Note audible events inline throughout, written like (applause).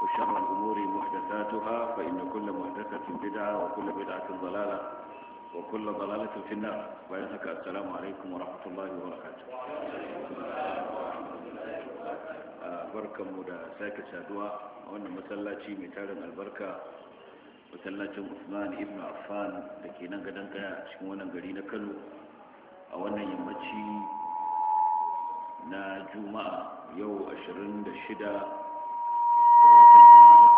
وشر الأمور محدثاتها فإن كل محدثة بدعة وكل بدعة ضلالة وكل ضلالة في النار ويسك السلام عليكم ورحمة الله وبركاته بركة مدى ساكة سادوة وأن مسلاتي متالا البركة masallacin usman ibn affan da ke nan gadon kaya a cikin wannan gari na kano a wannan yammaci na juma'a yau 26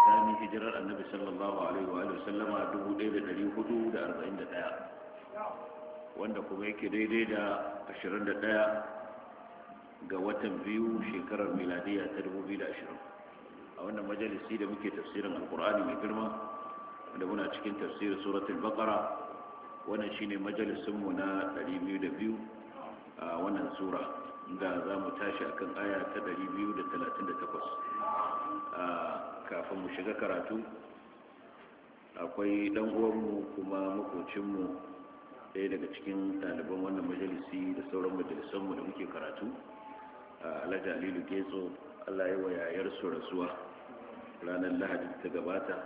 tsakanin hijirar annabi sallallahu alaihi wa sallama 1441 wanda kuma yake daidai da 21 ga watan biyu shekarar miladiya ta 2020 a wannan majalisi da muke tafsirin alkur'ani mai girma wanda muna cikin tafsirin suratul baqara wannan shine majalisinmu na 202 a wannan sura da za mu tashi akan aya ta 238 kafin mu shiga karatu akwai dan uwanmu kuma makocinmu ɗaya daga cikin ɗaliban wannan majalisi da sauran majalisanmu da muke karatu alhaji alilu getso allah yi wa yayar su rasuwa ranar lahadi ta gabata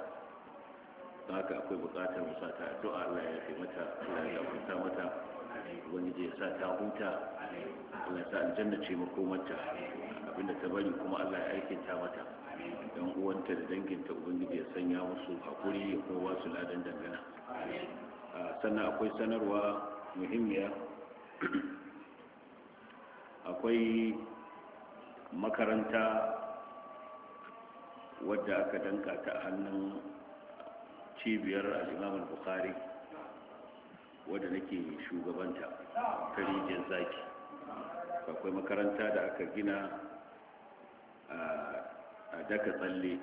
haka akwai bukatar mu sa ta addu'a allah ya fi mata allah ya gafarta mata wani zai sa ta huta allah ya sa aljanna ce makomanta abinda ta bari kuma allah ya aikinta mata yan uwanta da danginta ubangiji ya sanya musu hakuri ya kuma ba su ladan dangana sannan akwai sanarwa muhimmiya akwai makaranta wadda aka danka ta hannun cibiyar al'imamul bukhari wadda nake shugabanta ta rijiyar zaki akwai makaranta da aka gina daka tsalle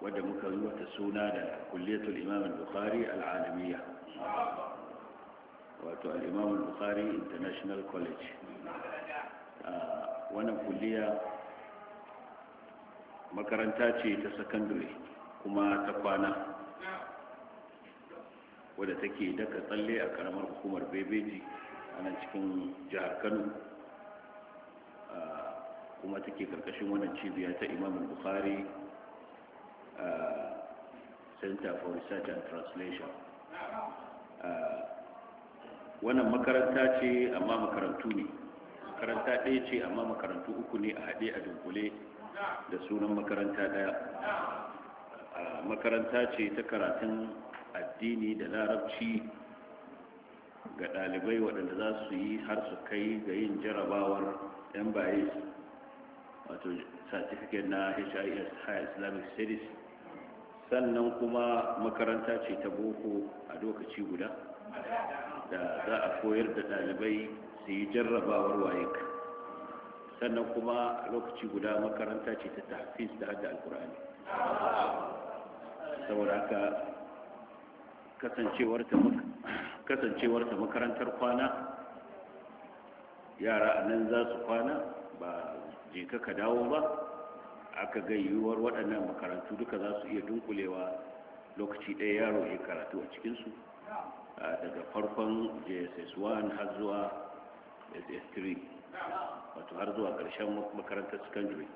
wadda muka yi wata suna da kulliyatul imam al-bukhari al'alamiya wato al-imam bukhari international college wannan kulliya makaranta ce ta sakandare kuma ta kwana wadda take daka tsalle a karamar hukumar bebeji a nan cikin jihar kano kuma take karkashin wannan cibiya ta imam bukhari uh, center for research and translation uh, wannan makaranta ce amma makarantu ne makaranta ɗaya ce amma makarantu uku ne a haɗe a dunkule da sunan makaranta ɗaya uh, makaranta ce ta karatun addini da larabci ga ɗalibai waɗanda za su yi har su kai ga yin jarabawar 'yan wato certificate na HIS High Islamic Studies sannan kuma makaranta ce ta boko a lokaci guda da za a koyar da ɗalibai su yi jarrabawar wayek sannan kuma a lokaci guda makaranta ce ta tafiz da hada alkur'ani saboda haka kasancewarta makarantar kwana yara nan za su kwana ba je ka ka dawo ba aka ga yiwuwar waɗannan makarantu duka za su iya dunkulewa lokaci ɗaya yaro ya karatu a cikinsu daga farkon jss1 har zuwa ss3 wato har zuwa ƙarshen makarantar secondary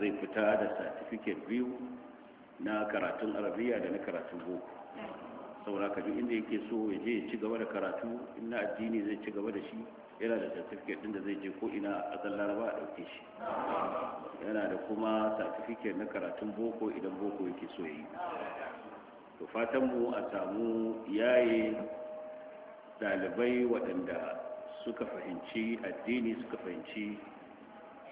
zai fita da certificate biyu na karatun arabiya da na karatun boko saboda ka inda yake so ya je ya ci gaba da karatu in na addini zai ci gaba da shi yana da certificate ɗin da zai je ko ina a ƙasar laraba a ɗauke shi yana da kuma certificate na karatun boko idan boko yake so yi to fatan mu a samu yaye ɗalibai waɗanda suka fahimci addini suka fahimci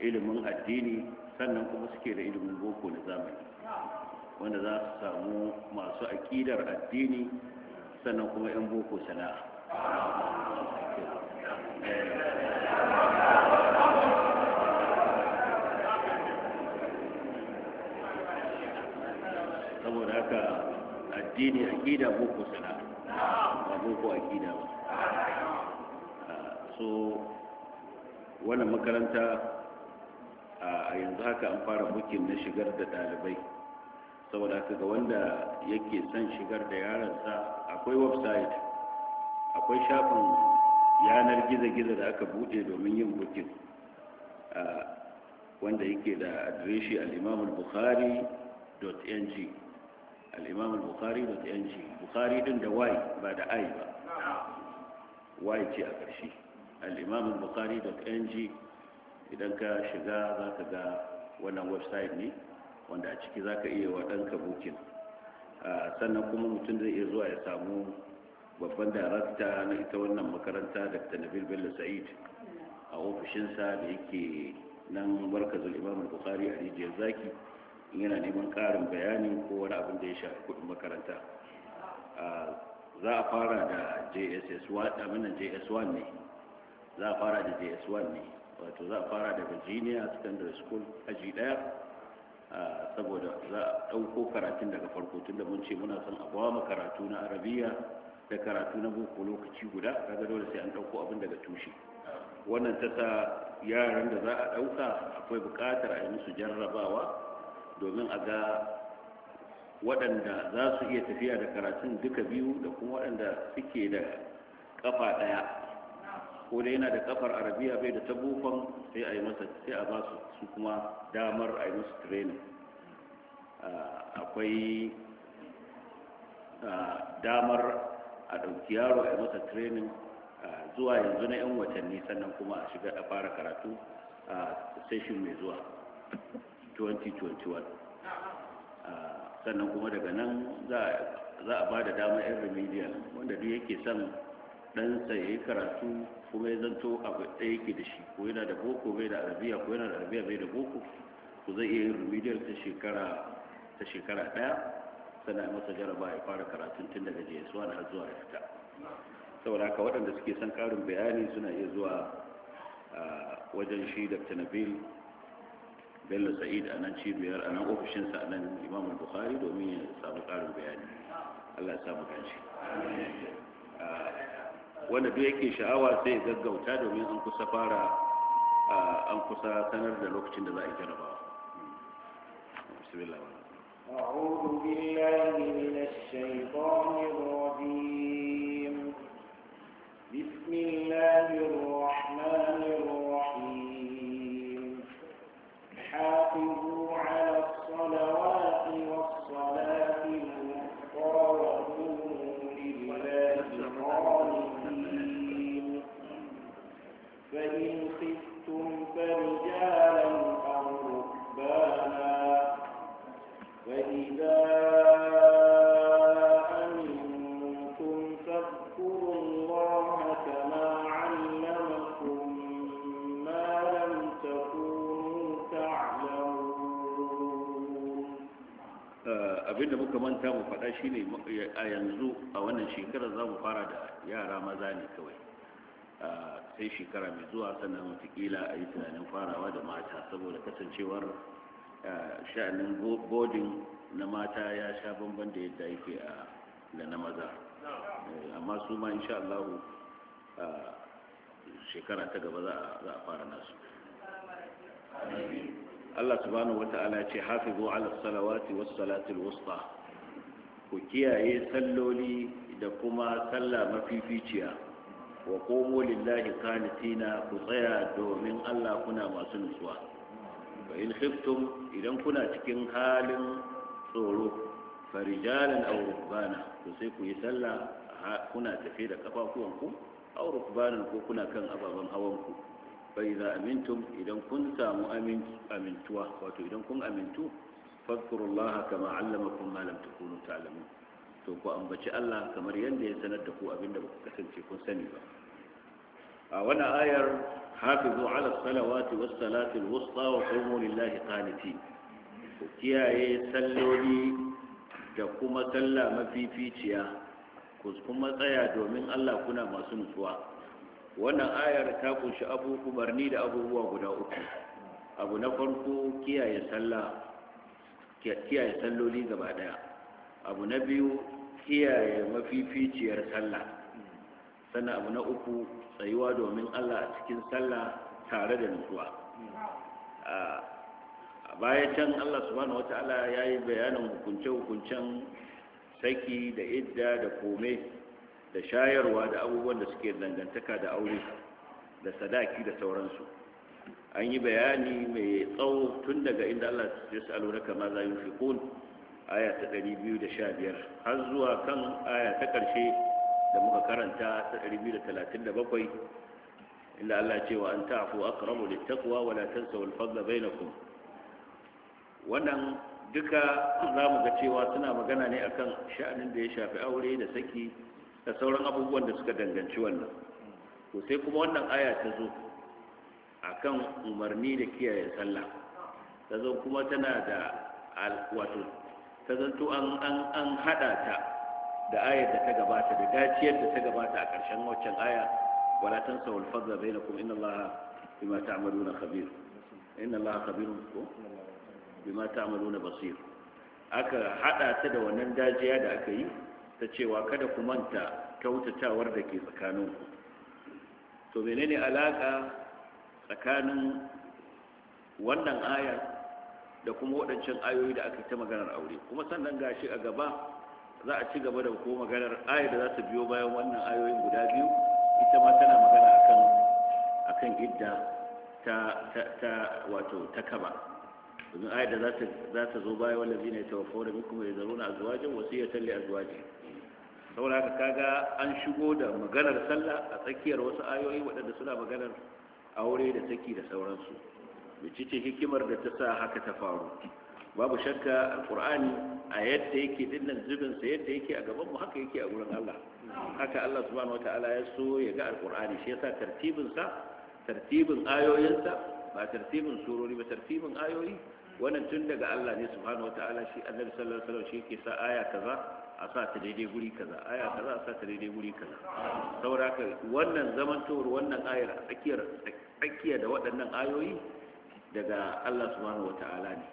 ilimin addini sannan kuma suke da ilimin boko na zamani wanda za su samu masu aƙidar addini sannan kuma 'yan boko sana'a addini akida boko sana'a ba boko akida ba so wannan makaranta a yanzu haka an fara bukin na shigar da dalibai saboda haka ga wanda yake son shigar da yaransa akwai website akwai shafin yanar gizo-gizo da aka bude domin yin bukin wanda yake da adireshi alimamul bukhari.ng al'imam al-bukhari ba ta yanci bukhari din da y ba da i ba y ce a ƙarshe al'imam al-bukhari da ta yanci idan ka shiga za ka ga wannan website ne wanda a ciki za ka iya waɗanka bukin ah, sannan kuma mutum zai iya zuwa ya samu babban darakta na ita wannan makaranta dr nabil bello sa'id a ofishinsa da yake nan markazin imam al-bukhari a rijiyar zaki yana neman ƙarin bayani ko wani abin da ya shafi kuɗin makaranta za a fara da jss1 ne za a fara da js1 ne wato za a fara da virginia secondary school aji daya saboda za a ɗauko karatun daga farko tun da mun ce muna son abuwa makaratu karatu na arabiya da karatu na boko lokaci guda kaga dole sai an ɗauko abin daga tushe wannan ta sa yaran da za a ɗauka akwai bukatar a yi musu jarrabawa domin a ga waɗanda za su iya tafiya da karatun duka biyu da kuma waɗanda suke da ƙafa ɗaya ko da yana da ƙafar arabiya bai da tabufan sai a yi masa sai a ba su kuma damar a yi masu training akwai damar a ɗauki yaro a yi masa training zuwa yanzu na 'yan watanni sannan kuma a shiga a fara karatu a session mai zuwa 2021 ah, sannan kuma daga nan za a ba da damar yan remedial wanda duk yake son ɗansa ya yi karatu kuma ya zanto abu ɗaya yake da shi ko yana da boko bai da arabiya ko yana da arabiya bai da boko ko zai iya yin remedial ta shekara ta shekara ɗaya sannan masa jaraba ya fara karatun tun daga js na har zuwa da fita saboda haka waɗanda suke son ƙarin bayani suna iya zuwa ah, wajen shi dr nabil bello sa'id a nan cibiyar a nan ofishinsa a nan imam bukhari domin ya samu ƙarin bayani allah ya samu ganci ah, wanda duk yake sha'awa sai ya gaggauta domin an kusa fara ah, an kusa sanar da lokacin da za a yi jarabawa bismillah أعوذ بالله من الشيطان الرجيم بسم الله الرحمن manta mu faɗa shi ne a yanzu a wannan shekarar za mu fara da yara maza ne kawai sai shekara mai zuwa sannan watakila a yi tunanin farawa da mata saboda kasancewar sha'anin godin na mata ya sha bamban da yadda yake a da na maza eh, amma su ma insha Allah shekara ta gaba za a fara nasu Allah subhanahu wa ta'ala ya ce hafizu ala salawati was salatil wusta ku kiyaye salloli da kuma sallah mafificiya wa komo lillahi kanitina ku tsaya domin Allah kuna masu nutsuwa fa in khiftum idan kuna cikin halin tsoro farijalan aw rukbana to sai ku yi sallah kuna tafe da kafafuwanku aw rukbanan ko kuna kan ababen hawanku fa idza amintum idan kun samu amintuwa wato idan kun amintu fadkuru Allah kama allamakum ma lam takunu ta'lamun to ku ambaci Allah kamar yadda ya sanar da ku abinda ku kasance kun sani ba a wannan ayar hafizu ala salawati was salati al wusta wa qumu lillahi qanitin ku kiyaye salloli da kuma sallah mafificiya ku kuma tsaya domin Allah kuna masu nutsuwa wannan ayar ta kunshi abu da abubuwa guda uku abu na farko kiyaye sallah kiyaye salloli gaba daya abu na biyu kiyaye mafificiyar sallah sannan abu na uku tsayuwa domin allah a cikin sallah tare da nutsuwa a baya can allah subhanahu ta'ala ya yi bayanin hukunce-hukuncen saki da idda da kome da shayarwa da abubuwan da suke dangantaka da aure da sadaki da sauransu an yi bayani mai tsawo tun daga inda Allah ya sa na kama za yi fiƙun aya ta 215 har zuwa kan aya ta ƙarshe da muka karanta ta 237 inda Allah ce wa an ta'afu aqrabu littaqwa wa la tansaw fadla bainakum wannan duka za mu ga cewa suna magana ne akan sha'anin da ya shafi aure da saki da sauran abubuwan da suka danganci wannan to sai kuma wannan aya ta zo akan umarni da kiyaye sallah ta zo kuma tana da wato ta zanto an an an hada ta da ayar da ta gabata da gaciyar da ta gabata a ƙarshen waccan aya wala tansaw al-fadla bainakum inna allaha bima ta'maluna khabir inna allaha khabirun bima ta'maluna basir aka hada ta da wannan dajiya da aka yi ta cewa kada ku manta kyautatawar da ke tsakaninku to menene alaka tsakanin wannan ayar da kuma waɗancan ayoyi da aka yi ta maganar aure kuma sannan gashi a gaba za a ci gaba da kuma maganar ayar da za ta biyo bayan wannan ayoyin guda biyu ita ma tana magana akan akan idda ta ta, ta wato ta kaba domin ayar da za ta za ta zo bayan wanda zina ta wafa da minkum ya zaruna iya Talle li azwaji saboda haka kaga an shigo da maganar sallah a tsakiyar wasu ayoyi waɗanda suna maganar aure da saki da sauransu wace ce hikimar da ta sa haka ta faru babu shakka alkur'ani a yadda yake dinnan sa yadda yake a gabanmu haka yake a gurin Allah haka Allah subhanahu wataala ya so ya ga alkur'ani shi yasa tartibinsa tartibin ayoyinsa ba tartibin surori ba tartibin ayoyi wannan tun daga Allah ne subhanahu wataala shi annabi sallallahu alaihi wasallam shi yake sa aya kaza a sa ta daidai guri kaza aya kaza a sa ta daidai guri kaza saboda wannan zamantowar wannan ayar tsakiyar tsakiya da waɗannan ayoyi daga Allah subhanahu wata'ala ne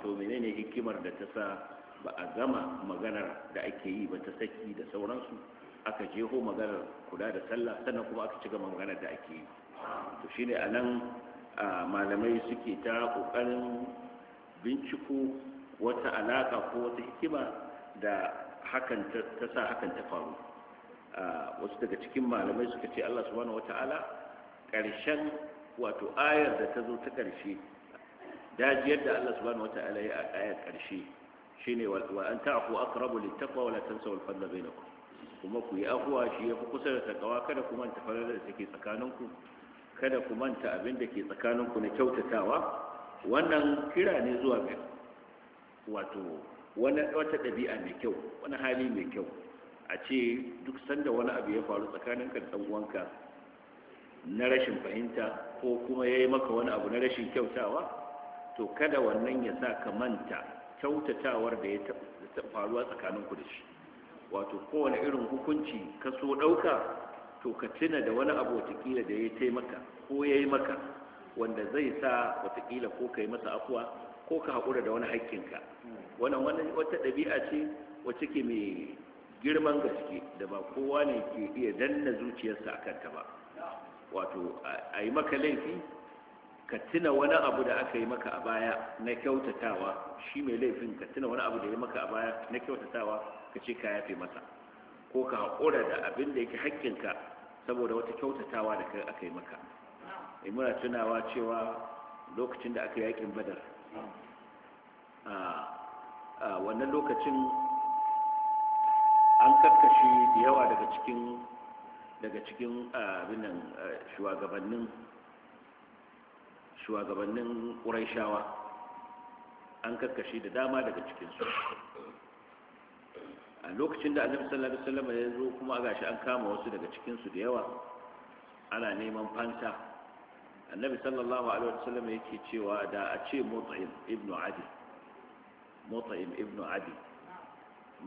to menene hikimar da ta sa ba a gama maganar da ake yi ba ta saki da sauransu aka jeho maganar kula da sallah sannan kuma aka ci gaba maganar da ake yi to shine anan malamai suke ta ƙoƙarin binciko wata alaƙa ko wata hikima da hakan ta sa hakan ta faru wasu daga cikin malamai suka ce Allah subhanahu wata'ala ƙarshen wato ayar da ta zo ta ƙarshe dajiyar da Allah subhanahu wata'ala ya ayar ƙarshe shine wa an ta'fu aqrabu littaqwa wa la tansaw al-fadla bainakum kuma ku yi afuwa shi ya fi kusa da takawa kada ku manta falalar da take tsakaninku kada ku manta abin da ke tsakaninku na kyautatawa wannan kira ne zuwa ga wato wata ɗabi'a mai kyau wani hali mai kyau a ce duk sanda wani abu ya faru tsakanin ka wanka na rashin fahimta ko kuma ya yi maka wani abu na rashin kyautawa to kada wannan ya sa ka manta kyautatawar da ya faruwa tsakanin ku da shi wato kowane irin hukunci ka so ɗauka to ka tuna da wani abu watakila da ya taimaka ko ya yi maka wanda zai sa watakila ko ka yi masa afuwa ko ka haƙura da wani haƙƙinka wannan wani wata ɗabi'a ce wacce ke mai girman gaske da ba kowa ne ke iya danna zuciyarsa a kanta ba wato a yi maka laifi ka tuna wani abu da aka yi maka a baya na kyautatawa shi mai laifin ka tuna wani abu da ya maka a baya na kyautatawa ka ce ka yafe masa ko ka haƙura da abin da yake haƙƙinka saboda wata kyautatawa da aka yi maka in eh, muna tunawa cewa lokacin da aka yi yakin badar a wannan lokacin an karkashi da yawa daga cikin daga cikin abinan shugabannin shugabannin ƙuraishawa an karkashi da dama daga cikinsu a lokacin da annabi sallallahu alaihi wasallam ya zo kuma shi an kama wasu daga cikinsu da yawa ana neman fanta annabi sallallahu alaihi wasallam yake cewa da a ce mut'im ibnu adi mut'im ibn adi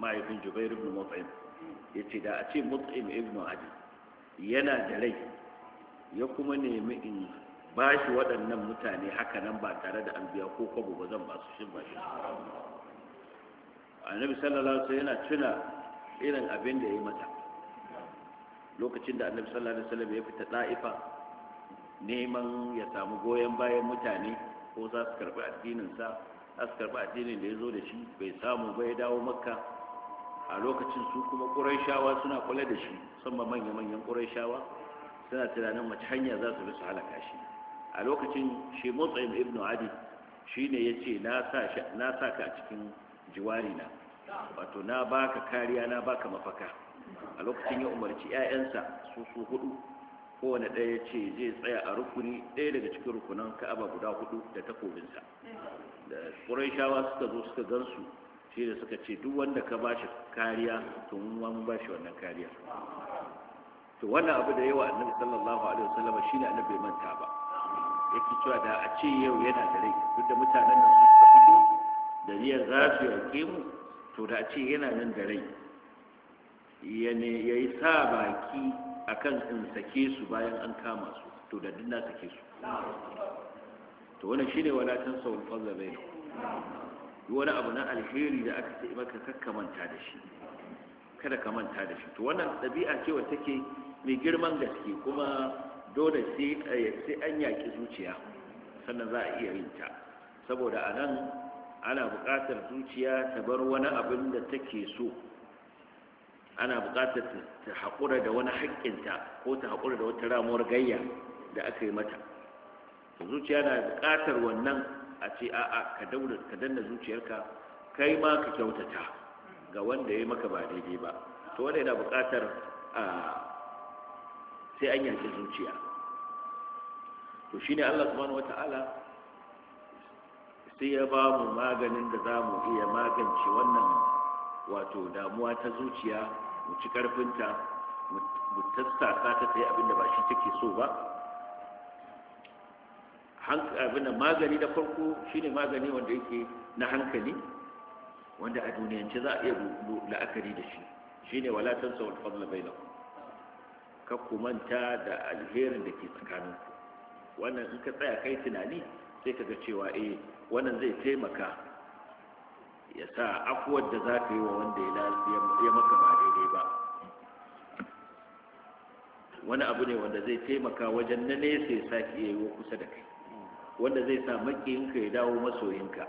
mahaifin jubair ibnu mut'im yace da a ce mut'im ibn adi yana da rai ya kuma nemi in ba shi waɗannan mutane hakanan ba tare da an ko kwabo ba zan ba su shi ba shi annabi sallallahu alaihi yana tuna irin abin da ya yi mata lokacin da annabi sallallahu alaihi wasallam ya fita da'ifa neman ya samu goyon bayan mutane ko za su karɓi addininsa askar ba addinin da ya zo da shi bai samu ba ya dawo makka a lokacin su kuma ƙurayshawa suna kula da shi sama manya-manyan ƙurayshawa suna tunanin wace hanya za su bi su halaka shi a lokacin shi motsayin ibnu adi shi ne ya ce na sa ka cikin jiwari na wato na baka kariya na baka mafaka a lokacin ya umarci 'ya'yansa su su hudu kowane ɗaya ce zai tsaya a rukuni ɗaya daga cikin rukunan ka'aba guda hudu da takobinsa da ƙuraishawa suka zo suka gan su shi da suka ce duk wanda ka ba shi kariya to mun mu ba shi wannan kariya to wannan abu da yawa annabi sallallahu alaihi wasallam ne annabi manta ba yake cewa da a ce yau yana da rai duk da mutanen nan suka fito da riyar za su yake mu to da a ce yana nan da rai ya yi sa baki akan in sake su bayan an kama su to da dinna sake su to wannan shine wala tansa wal fadla bainahu wani abu na alheri da aka ce maka kakka manta da shi kada ka manta da shi to wannan ɗabi'a ce wacce take mai girman gaske kuma dole sai eh, an yaki zuciya sannan za a iya yin ta saboda anan ana buƙatar zuciya ta bar wani abin da take so ana buƙatar ta haƙura da wani haƙƙinta ko ta haƙura da wata ramuwar gayya da aka yi mata zuciya na bukatar wannan a ce a'a ka daura ka danna zuciyarka kai ma ka kyautata ga wanda ya maka ba daidai ba to wanda yana buƙatar sai an yanke zuciya to shine Allah subhanahu wataala sai ya ba mu maganin da za mu iya magance wannan wato damuwa ta zuciya mu ci karfinta mu tassa ta ta abinda abin ba shi take so ba abin magani na farko shine magani wanda yake na hankali wanda a duniyance za a iya la'akari da shi shine wala tansa wal fadla bainakum ka ku da alherin da ke tsakaninku wannan in ka tsaya kai tunani sai ka ga cewa eh wannan zai taimaka ya sa afuwar da za ka yi wa wanda ya maka ba daidai ba wani abu ne wanda zai taimaka wajen na nesa ya sake iya yi kusa da kai wanda zai sa makiyinka ya dawo masoyinka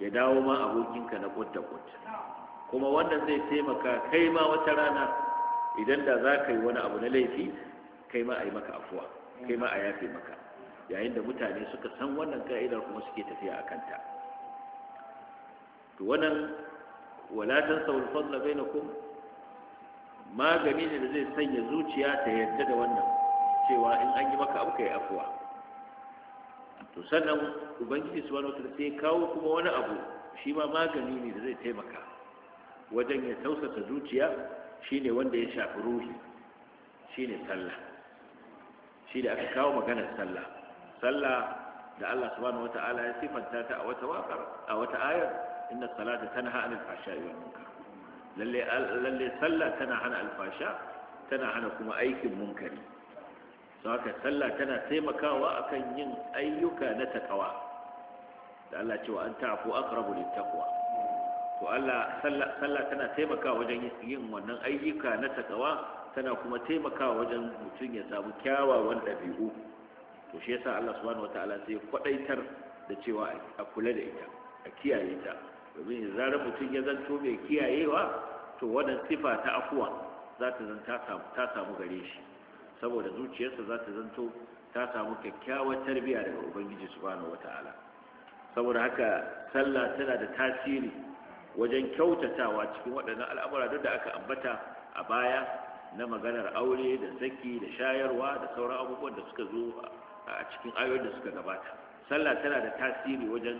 ya dawo ma abokinka na kwata-kwata kuma wanda zai taimaka kai ma wata rana idan da za ka yi wani abu na laifi kai ma a yi maka afuwa kai ma a yafe maka yayin da mutane suka san wannan ka'idar kuma suke tafiya a kanta to wannan wala tansawul fadla bainakum magani ne da zai sanya zuciya ta yadda da wannan cewa in an yi maka abu yi afuwa to sannan ubangiji wani wata sai kawo kuma wani abu shi ma magani ne da zai taimaka wajen ya tausasa zuciya shine wanda ya shafi ruhi shine sallah shi da aka kawo maganar sallah sallah da Allah subhanahu wataala ya sifanta ta a wata waƙar a wata ayar inna salata tanha anil fahsha'i wal munkar lalle lalle sallah tana hana alfasha tana hana kuma aikin munkari don haka sallah tana taimakawa akan yin ayyuka na takawa da Allah cewa an ta'fu aqrabu littaqwa to Allah sallah tana taimakawa wajen yin wannan ayyuka na takawa tana kuma taimakawa wajen mutum ya samu kyawawan ɗabi'u to shi yasa Allah subhanahu wataala sai kwadaitar da cewa a kula da ita a kiyaye ta domin zarar mutum ya zanto mai kiyayewa to wannan sifa ta afuwa za ta zan ta samu gare shi saboda zuciyarsa za ta zanto ta samu kyakkyawar tarbiyya daga ubangiji subhanahu wata'ala saboda haka sallah tana da tasiri wajen kyautatawa cikin waɗannan al'amura duk da aka ambata a baya na maganar aure da saki da shayarwa da sauran abubuwan da suka zo a cikin ayoyin da suka gabata sallah tana da tasiri wajen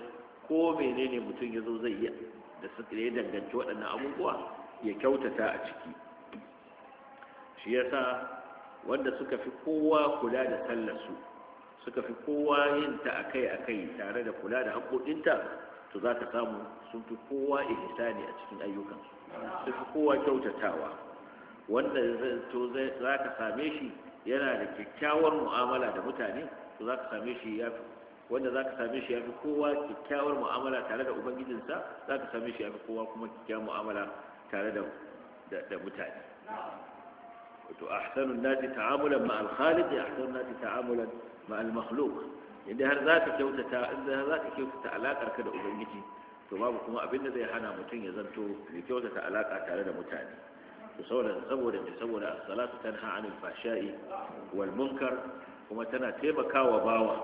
ko menene mutum ya zo zai yi da su ya danganci waɗannan abubuwa ya kyautata a ciki shi yasa wanda suka fi kowa kula da sallarsu suka fi kowa yin ta akai-akai tare da kula da haƙoƙinta to za ka samu sun fi kowa ihsani a cikin ayyukansu su fi kowa kyautatawa wanda to za ka same shi yana da kyakkyawar mu'amala da mutane to za ka same shi ya fi wanda za ka same shi ya fi kowa kyakkyawar mu'amala tare da ubangijinsa za ka same shi ya fi kowa kuma kyakkyawar mu'amala tare da mutane Wato ahsanun nasi ta'amulan ma al-khaliq ya ahsanun nasi ta'amulan ma al-makhluq inda har za ka kyautata inda har za kyautata alakar ka da ubangiji to babu kuma abin da zai hana mutum ya zanto ya kyautata alaka tare da mutane to saboda saboda me saboda as-salatu tanha 'anil fahsha'i wal munkar kuma tana taimakawa bawa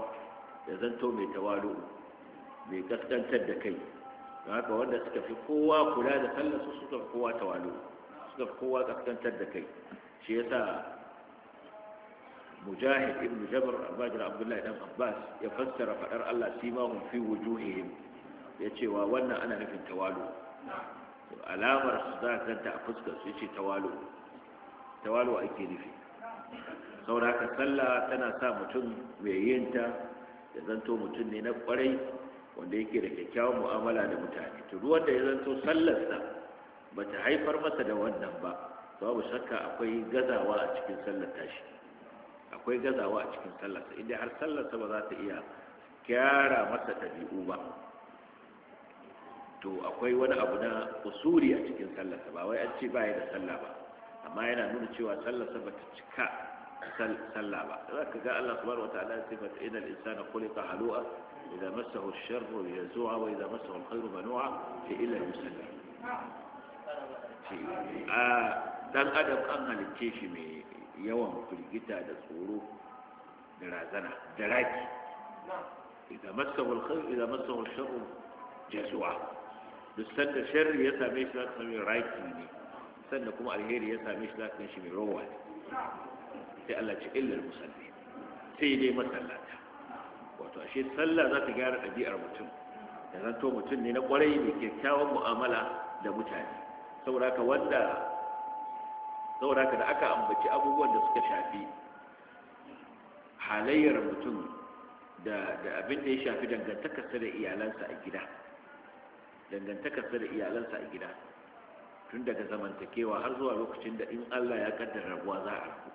ya zanto mai tawalu mai kaskantar da kai don haka wanda suka fi kowa kula da su suka fi kowa tawalu suka fi kowa kaskantar da kai shi yasa mujahid ibn jabr abajir abdullahi dan abbas ya fassara fadar Allah simahum fi wujuhihim ya ce wa wannan ana nufin tawalu alamar su za ka a fuskar su ce tawalu tawalu ake nufi saboda sallah tana sa mutum mai yin ta ya zanto mutum ne na kwarai wanda yake da kyakkyawan mu'amala da mutane to wanda ya zanto sallarsa bata haifar masa da wannan ba babu shakka akwai gazawa a cikin sallar tashi akwai gazawa a cikin sallar sai dai har sallar ta ba za ta iya kyara masa tabi'u ba to akwai wani abu na usuri a cikin sallar ba wai an ce bai da sallah ba amma yana nuna cewa sallarsa ba ta cika sallah ba zaka ga Allah subhanahu wataala ya ce fa inna al-insana khuliqa halu'a idza masahu ash-sharru yazu'a wa idza masahu al-khayru manu'a fa illa yusalli dan adam an halicce shi mai yawan firgita da tsoro da razana da raki idan masahu alkhair idan masahu alsharr jazua duk sanda sharri ya same shi zaka same raki ne sanda kuma alheri ya same shi zaka shi mai rowa sai Allah ce illal musalli sai dai masallata wato ashe sallah za ta gyara ɗabi'ar mutum da zanto mutum ne na kwarai da kyakkyawan mu'amala da mutane saboda haka wanda saboda haka da aka ambaci abubuwan da suka shafi halayyar mutum da abin da ya shafi dangantakarsa da iyalansa a gida dangantakarsa da iyalansa a gida tun daga zamantakewa har zuwa lokacin da in allah ya kaddara rabuwa za a rabu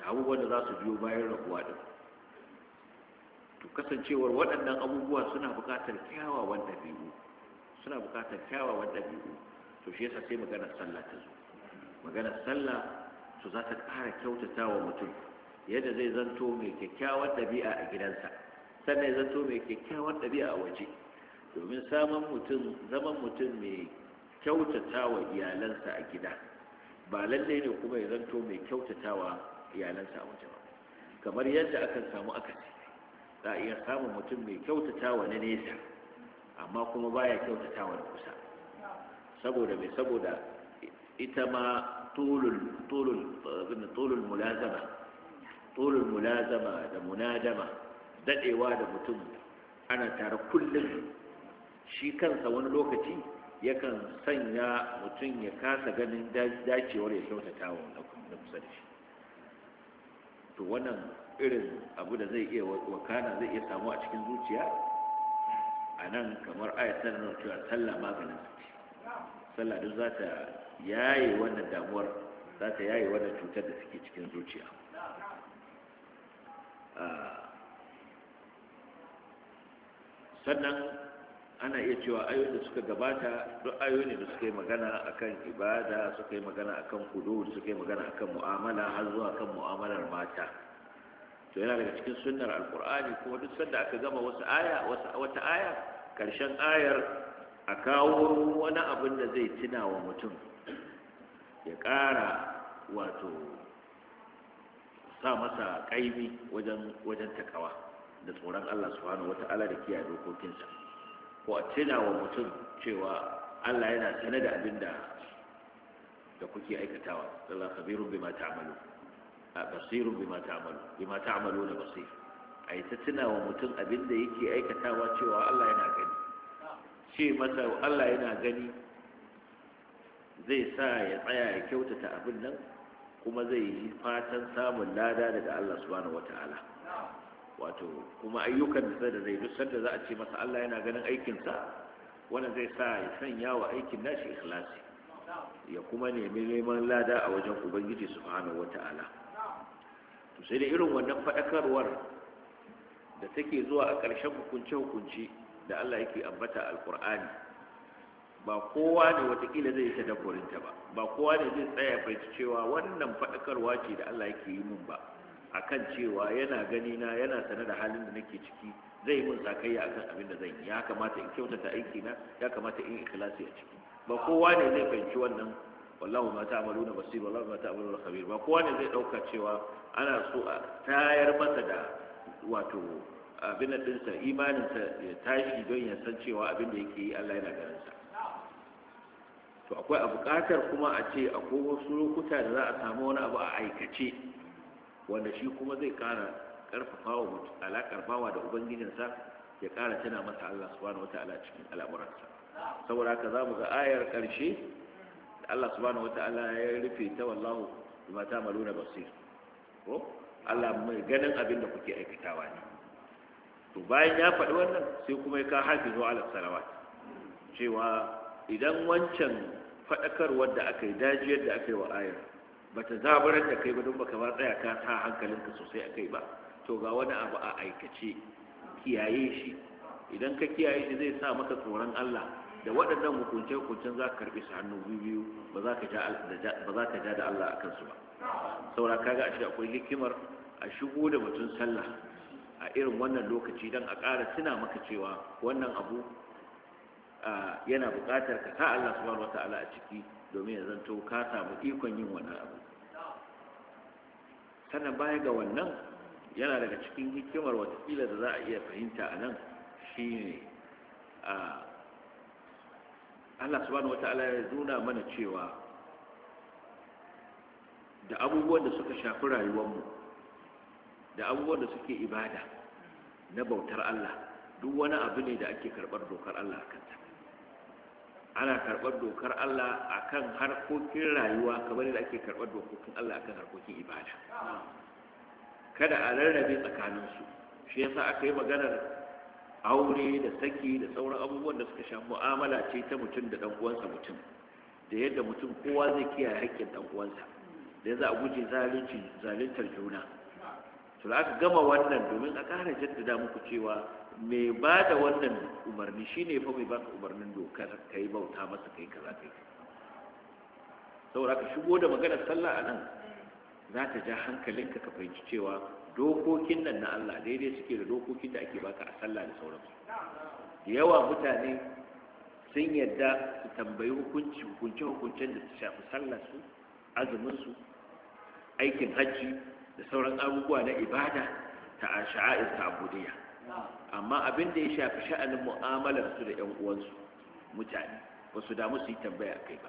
da abubuwan da za su biyo bayan rabuwa din to kasancewar waɗannan abubuwa suna buƙatar kyawawan ɗabi'u suna buƙatar kyawawan ɗabi'u to shi yasa sai maganar sallah ta zo maganar sallah su za ta ƙara kyautata wa mutum yadda zai zanto mai kyakkyawar ɗabi'a a gidansa sannan ya zanto mai kyakkyawar ɗabi'a a waje domin samun mutum zaman mutum mai kyautata wa iyalansa a gida ba lallai ne kuma ya zanto mai kyautata wa iyalansa a waje ba kamar yadda akan samu akasi za a iya samun mutum mai kyautata wa na nesa amma kuma baya kyautata wa na kusa saboda mai saboda ita ma tolul mulazama mulazama da munadama daɗewa da mutum ana tare kullum shi kansa wani lokaci yakan sanya mutum ya kasa ganin dacewar ya kyautata wa na kusa da shi to wannan irin abu da zai iya wakana zai iya samu a cikin zuciya a nan kamar ayatar na cewa sallah maganin sallah duk za ta yaye wannan damuwar za ta yaye wannan cutar da suke cikin zuciya ah, sannan ana iya cewa ayoyin da suka gabata duk ayoyin da suka yi magana akan ibada suka yi magana akan kudu suka yi magana akan mu'amala har zuwa kan mu'amalar mata to yana daga cikin sunnar alkur'ani kuma duk sanda aka gama wasu aya wata aya karshen ayar a kawo wani abin da zai tuna wa mutum ya ƙara wato sa masa ƙaimi wajen takawa da tsoron Allah subhanahu Ala da kiyaye dokokinsa ko a tuna wa mutum cewa Allah yana sane da abin da da kuke aikatawa Allah khabirun bima ta'malu basirun bima ta'malu bima ta'malu da basir a yi ta tuna wa mutum abin da yake aikatawa cewa Allah yana gani ce masa Allah yana gani zai sa ya tsaya ya kyautata abin nan kuma zai yi fatan samun lada daga Allah subhanahu wata'ala wato kuma ayyukan da zai duk sanda za a ce masa Allah yana ganin aikinsa wannan zai sa ya sanya wa aikin nashi ikhlasi ya kuma nemi neman lada a wajen ubangiji subhanahu wata'ala to sai da irin wannan faɗakarwar da take zuwa a ƙarshen hukunce hukunci da Allah yake ambata alqur'ani ba kowa ne watakila zai yi ta ba ba kowa ne zai tsaya fahimci cewa wannan faɗakarwa ce da Allah yake yi min ba akan cewa yana gani na yana sane da halin da nake ciki zai yi mun sakayya akan abin da zan yi ya kamata in kyautata aiki na ya kamata in ikhlasi a ciki ba kowa ne zai fahimci wannan wallahu ma ta'maluna basir wallahu ma ta'maluna khabir ba kowa ne zai dauka cewa ana so a tayar masa da wato abin da dinsa imaninsa ya tashi don ya san cewa abin da yake yi Allah yana ganin sa to akwai a buƙatar kuma a ce akwai wasu lokuta da za a samu wani abu a aikace wanda shi kuma zai ƙara ƙarfafa wa alaƙar bawa da ubangijinsa ya ƙara tana masa Allah subhanahu wata'ala cikin al'amuransa saboda haka za mu ga ayar ƙarshe da Allah subhanahu wata'ala ya rufe ta wallahu bima ta'maluna basir ko Allah mai ganin abin da kuke aikatawa ne to bayan ya faɗi wannan sai kuma ya ka hafi zuwa ala salawat cewa idan wancan faɗakarwar da aka yi dajiyar da aka yi wa ayar ba ta zaburar da kai ba don baka ba tsaya ka sa hankalinka sosai a kai ba to ga wani abu a aikace kiyaye shi idan ka kiyaye shi zai sa maka tsoron Allah da waɗannan hukunce hukuncen za ka karɓi su hannu biyu ba za ka ja da Allah a kansu ba saura kaga shi akwai hikimar a shigo da mutum sallah a irin wannan lokaci don a ƙara tuna maka cewa wannan abu yana buƙatar ka ta Allah subhanahu a ciki domin ya zanto ka samu ikon yin wannan abu sannan baya ga wannan yana daga cikin hikimar watakila da za a iya fahimta a nan shi ne Allah subhanahu wataala ya nuna mana cewa da abubuwan da suka shafi rayuwarmu da abubuwan da suke ibada na bautar Allah duk wani abu ne da ake karɓar dokar Allah a kanta ana karɓar dokar Allah a kan harkokin rayuwa kamar da ake karɓar dokokin Allah a kan harkokin ibada kada a rarrabe tsakaninsu shi yasa aka yi maganar aure da saki da sauran abubuwan da suka sha mu'amala ce ta mutum da ɗan uwansa mutum da yadda mutum kowa zai kiyaye haƙƙin ɗan uwansa da za a guje zalunci zaluntar juna to aka gama wannan domin a ƙara jaddada muku cewa mai ba da wannan umarni shi ne fa mai baka umarnin dokar kai bauta masa kai ka za ka yi saboda ka shigo da maganar sallah nan, za ta ja hankalinka ka fahimci cewa dokokin nan na Allah daidai suke da dokokin da ake baka a sallah da sauransu da yawa mutane sun yadda su tambayi hukunci hukunce hukuncen da su shafi sallah su azumin aikin hajji da sauran abubuwa na ibada ta sha'a'ir ta abudiya amma abin da ya shafi sha'anin mu'amalar su da 'yan uwansu mutane ba su damu su yi tambaya kai ba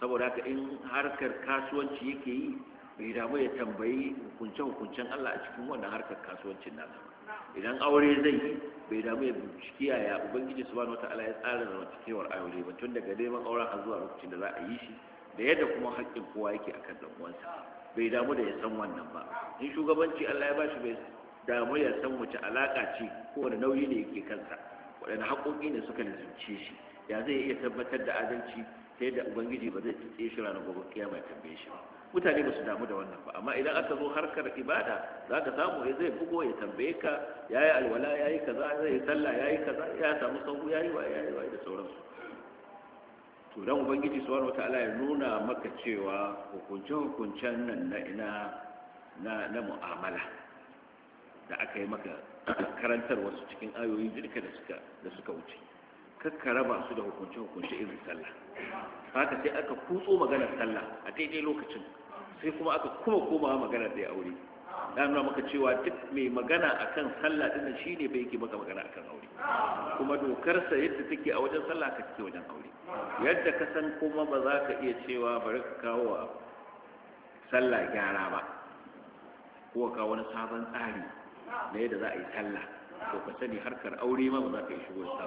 saboda haka in harkar kasuwanci yake yi bai damu ya tambayi hukunce-hukuncen Allah a cikin wannan harkar kasuwancin nasa idan aure zai yi bai damu ya binciki yaya ubangiji subhanahu ala ya tsara cikewar aure ba tun daga neman auren a zuwa lokacin da za a yi shi da yadda kuma haƙƙin kowa yake akan dan uwansa bai damu da ya san wannan ba in shugabanci Allah ya bashi bai damu ya san wace alaka ce ko wani nauyi ne yake kansa wadanda haƙoƙi ne suka nazarce shi ya zai iya tabbatar da adalci ta yadda ubangiji ba zai tsitse shi ranar gobe kiyama ya tambaye shi ba mutane ba su damu da wannan ba amma idan aka zo harkar ibada za ka samu ya zai bugo ya tambaye ka ya yi alwala ya yi kaza zai yi sallah ya yi kaza ya samu sauku ya yi waye ya yi waye da sauransu to dan ubangiji wata ala ya nuna maka cewa hukunce hukuncen nan na ina na mu'amala da aka yi maka karantar wasu cikin ayoyin jirka da suka wuce kakka raba su da hukunce hukunci irin sallah haka sai aka kutso maganar sallah a daidai lokacin sai kuma aka kuma komawa maganar da ya aure Na nuna maka cewa duk mai magana akan sallah dinnan shine bai yake maka magana akan aure kuma dokar sa yadda take a wajen sallah ka take wajen aure yadda ka san kuma ba za ka iya cewa bari ka kawo wa sallah gyara ba ko ka wani sabon tsari na yadda za a yi sallah to ka sani harkar aure ma ba za ka yi shigo ta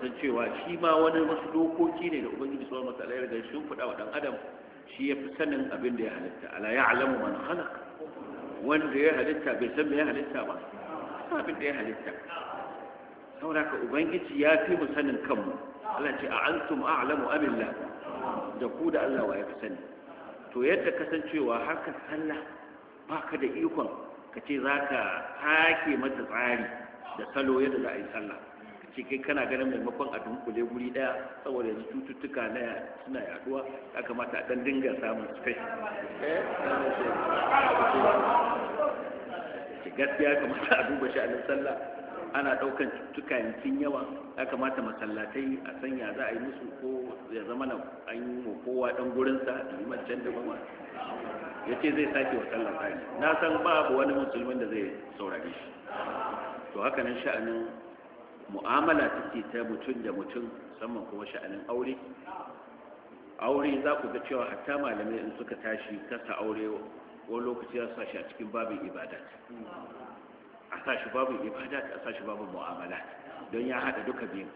san cewa shi ma wani wasu dokoki ne da ubangiji suwa masu alayar da shi fuda wa dan adam shi ya fi sanin abin da ya halitta ala ya alamu man khalaq wanda ya halitta bai san me ya halitta ba abin da ya halitta saboda ka ubangiji ya fi mu sanin kanmu Allah ce a antum a'lamu amillah da ku da Allah wa ya fi sani to yadda kasancewa haka sallah baka da ikon ka ce za ka take mata tsari da salo yadda za a yi sallah ka ce kai kana ganin maimakon a dunkule guri daya saboda yanzu cututtuka na suna yaduwa ya kamata a dan dinga samun space eh? gaskiya kamata a duba sha'anin sallah ana ɗaukar cututtuka yankin yawa ya kamata masallatai a sanya za a yi musu ko ya zama na an yi wa kowa ɗan gurinsa da yi macen da mawa ya ce zai sake wa sallar tsari na san babu wani musulmin da zai saurari shi to haka nan sha'anin mu'amala take ta mutum da mutum musamman kuma sha'anin aure aure za ku ga cewa hatta malamai in suka tashi kasa aure wani lokaci ya shi a cikin babin ibada a sa shi babu ibada a shi babu mu'amala don ya haɗa duka biyu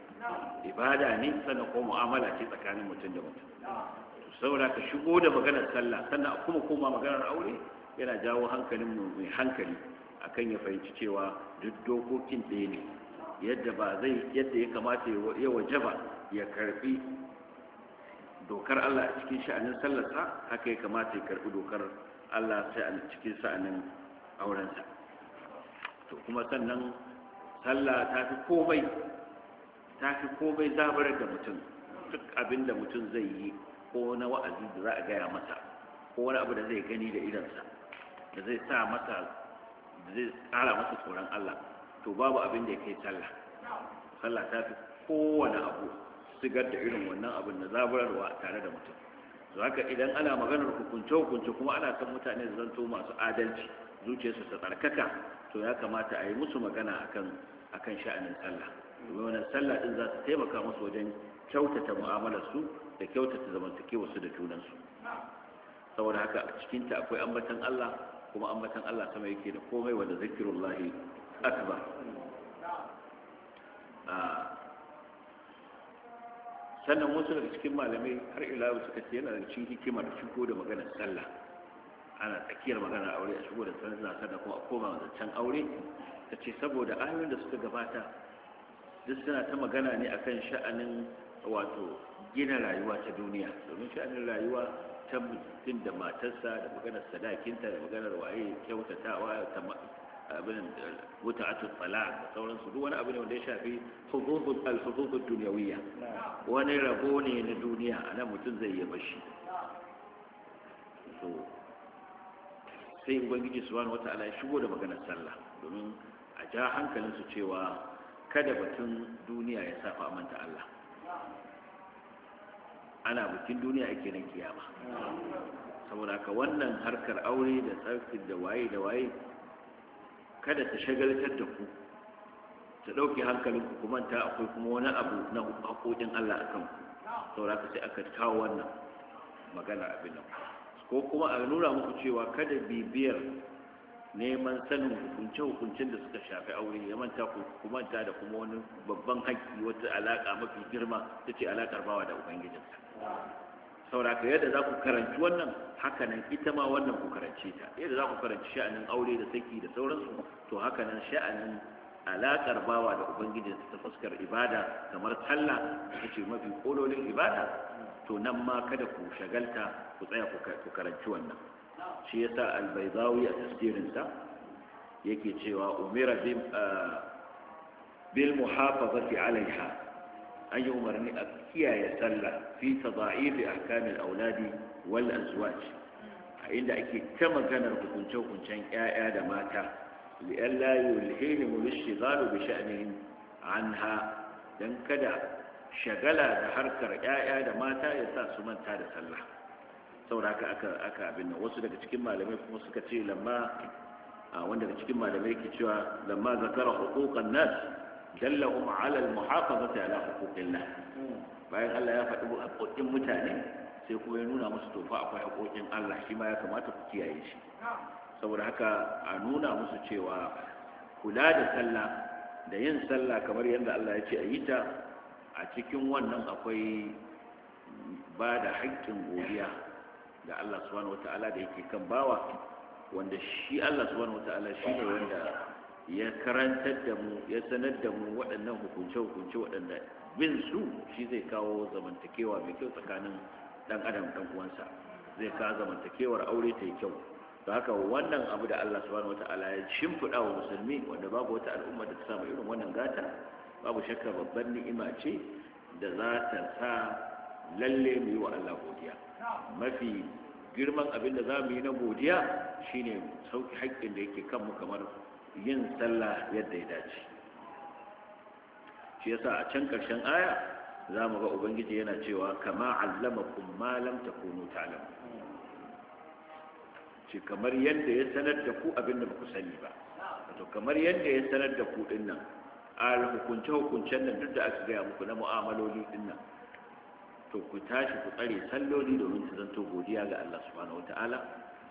ibada ne sannan ko mu'amala ce tsakanin mutum da mutum saboda ka shigo da maganar sallah sannan kuma koma maganar aure yana jawo hankalin mu mai hankali akan ya fahimci cewa duk dokokin ɗaya ne yadda ba zai yadda ya kamata ya ba ya karbi dokar Allah a cikin sha'anin sallarsa haka ya kamata ya karbi dokar Allah sai a cikin sa'anin aurensa to kuma sannan sallah ta fi komai ta fi komai zabar da mutum duk abin da mutum zai yi ko na wa'azi da za a gaya masa ko wani abu da zai gani da idansa da zai sa masa da zai tsara masa tsoron Allah to babu abin da ya kai sallah sallah ta fi kowane abu sigar da irin wannan abin da zaburarwa tare da mutum to haka idan ana maganar hukunce hukunce kuma ana son mutane zan zanto masu adalci zuciyarsu ta tsarkaka to ya kamata a yi musu magana akan kan sha'anin sallah domin wannan sallah din za su taimaka musu wajen kyautata mu'amalar su da kyautata zamantakewar su da junansu saboda haka a cikinta akwai ambatan Allah kuma ambatan Allah sama yake da komai wanda lahi akbar sannan wasu daga cikin malamai har ila suka ce yana da cikin hikimar shigo da maganar sallah ana tsakiyar magana aure a shigo da sanar na sada kuma a aure ta ce saboda ayoyin da suka gabata duk suna ta magana ne akan sha'anin wato gina rayuwa ta duniya domin sha'anin rayuwa ta mutum da matarsa da maganar sadakinta da maganar waye kyautatawa ta abin muta'atu tsala da sauransu duk wani abu ne wanda ya shafi hududul al wani rabo ne na duniya anan mutum zai yaba shi sai ubangiji wata ala ya shigo da maganar sallah domin a ja hankalinsu cewa kada batun duniya ya safa manta Allah ana bikin duniya ake nan kiyama saboda ka wannan harkar aure da tsarki da waye da waye kada ta shagaltar da ku ta ɗauke hankalin ku kuma ta akwai kuma wani abu na haƙoƙin Allah a saboda ka sai aka kawo wannan magana abin nan ko kuma a nura muku cewa kada bibiyar neman sanin hukunce-hukuncen da suka shafi aure ya manta ku manta da kuma wani babban haƙƙi wata alaƙa mafi girma ta ce alaƙar bawa da ubangijinsa sauraka yadda za ku karanci wannan hakanan ita ma wannan ku karance ta yadda za ku karanci sha'anin aure da saki da sauransu to hakanan sha'anin alaƙar bawa da ubangijinsa ta fuskar ibada kamar talla ta ce mafi kololin ibada to nan ma kada ku shagalta ku tsaya ku karanci wannan shi yasa albaizawi a tafsirinsa yake cewa umira bil ah, fi alaiha an yi umarni a kiyaye sallah fi tadaifi ahkamil auladi wal azwaj a inda ake ta maganar hukunce-hukuncen 'ya'ya da mata li'alla yulhihim lishghalu bi sha'nihim anha dan kada shagala da harkar 'ya'ya da mata ya sa su manta da sallah sauraka haka aka aka abin nan wasu daga cikin malamai kuma suka ce lamma wanda daga cikin malamai ke cewa lamma zakara huquqan nas dallahum ala al muhafazati ala huquqillah bayan Allah ya faɗi haƙoƙin mutane sai kuma ya nuna musu tofa akwai haƙoƙin Allah shi ma ya kamata ku kiyaye shi saboda haka a nuna musu cewa kula da sallah da yin sallah kamar yadda Allah ya ce a yi ta a cikin wannan akwai ba da haƙƙin godiya ga Allah subhanahu wata'ala da yake kan bawa wanda shi Allah subhanahu wata'ala shi ne wanda ya karantar da mu ya sanar da mu waɗannan hukunce-hukunce waɗanda bin su shi zai kawo zamantakewa mai kyau tsakanin ɗan adam ɗan uwansa zai kawo zamantakewar aure ta yi kyau To haka wannan abu da Allah subhanahu wata'ala ya shimfiɗa wa musulmi wanda babu wata al'umma da ta samu irin wannan gata babu shakka babban ni'ima ce da za ta sa lalle mu yi wa Allah godiya mafi girman abin da za mu yi na godiya shine sauki haƙƙin da yake kan mu kamar yin sallah yadda ya dace shi yasa a can ƙarshen aya za mu ga ubangiji yana cewa kama allamakum ma lam takunu ta'lamun Shi kamar yadda ya sanar da ku abin da ba ku sani ba to kamar yadda ya sanar da ku din nan a hukunce-hukuncen nan duk da aka gaya muku na mu'amaloli din nan to ku tashi ku tsare salloli domin su zanto godiya ga Allah subhanahu wataala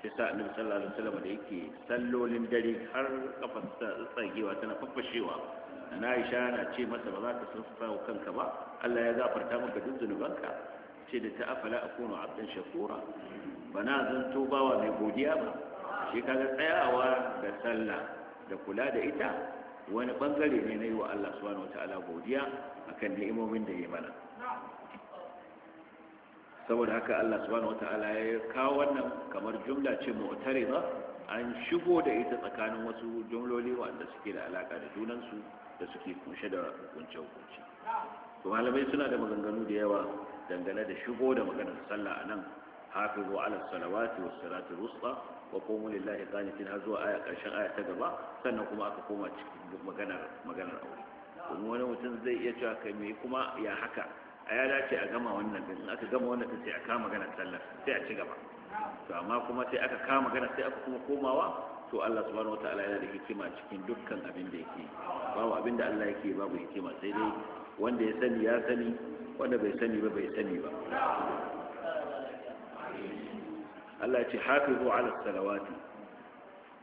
sai sa annabi sallallahu alaihi wasallam da yake sallolin dare har kafar ta tsagewa tana faffashewa na Aisha na ce masa ba za ka san sa kanka ba Allah ya gafarta maka duk zunubanka ce da ta afala akunu abdan shakura bana zanto bawa mai godiya ba shi kaga tsayawa da sallah da kula da ita wani bangare ne na yi wa Allah subhanahu wataala godiya akan ni'imomin da ya mana saboda haka Allah subhanahu wataala ya kawo wannan kamar jumla ce ba, an shigo da ita tsakanin wasu jumloli wanda suke da alaka da junansu da suke kunshe da hukunce hukunci to malamai suna da maganganu da yawa dangane da shigo da maganar sallah a hafi hafizu ala salawati was salati wusta wa qumu lillahi qanitin har zuwa aya karshen aya ta gaba sannan kuma aka koma ciki maganar maganar aure kuma wani mutum zai iya cewa kai me kuma ya haka a ya dace a gama wannan in aka gama wannan din sai a kama maganar sallar sai a ci gaba to amma kuma sai aka kama maganar sai aka kuma komawa to Allah subhanahu wataala yana da hikima cikin dukkan abin da yake babu abin da Allah yake babu hikima sai dai wanda ya sani ya sani wanda bai sani ba bai sani ba Allah ya ce hafizu ala salawati